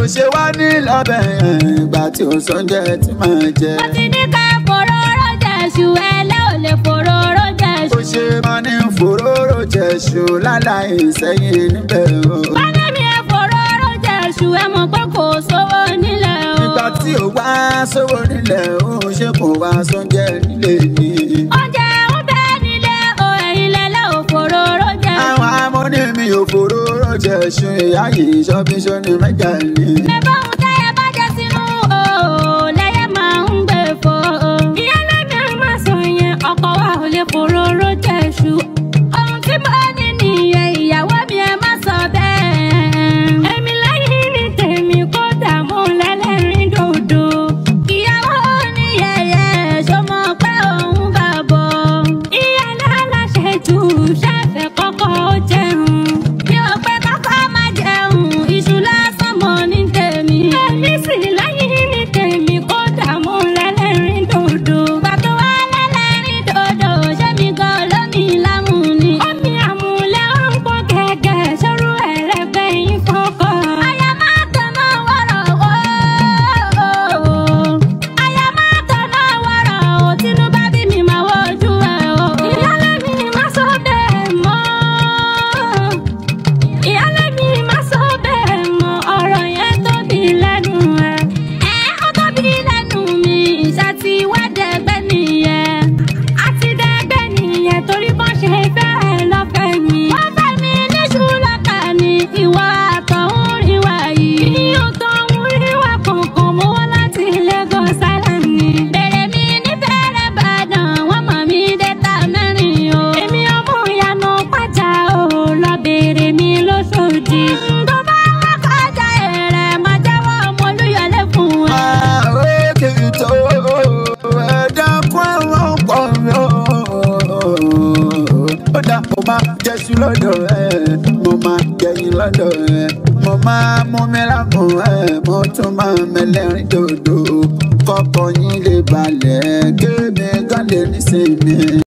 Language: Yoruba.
ò ṣe wá ní lọ́bẹ̀ ìgbà tí ò sọ́njẹ́ tí máa jẹ. wọ́n ti ní ká fòró rọ́jà ṣù ẹlẹ́ ò lè fòró rọ́jà ṣù. ó ṣe máa ní fòró rọ́jà ṣù láláì sẹ́yìn níbẹ̀ o. bàbá mi ẹ fòró rọ́jà ṣù ẹ mọ̀ pé kò sówó nílẹ̀ o. ìgbà tí ò wá sówó nílẹ̀ ó ṣe kò wá sọ́njẹ́ nílé ni. oúnjẹ rọ̀jẹ̀ ṣun ìyá yìí ṣọ́bíṣọ́ ni mẹ́jà ni. ẹ bá òun táyà bá jẹ́ sínú o lẹ́yẹ máa ń gbé fo o. ìyá lẹ́mìí á máa sọ yẹn ọkọ̀ wa ò lè foróró jẹ́ ṣu. iṣu lọ́dọ̀ ẹ̀ mo máa jẹyin lọ́dọ̀ ẹ̀ mo máa mú mi lámù ẹ̀ mo tún máa mẹlẹ́rìn dòdò kọ́kọ́ yín lè balẹ̀ kémi gán lè nísìnyí.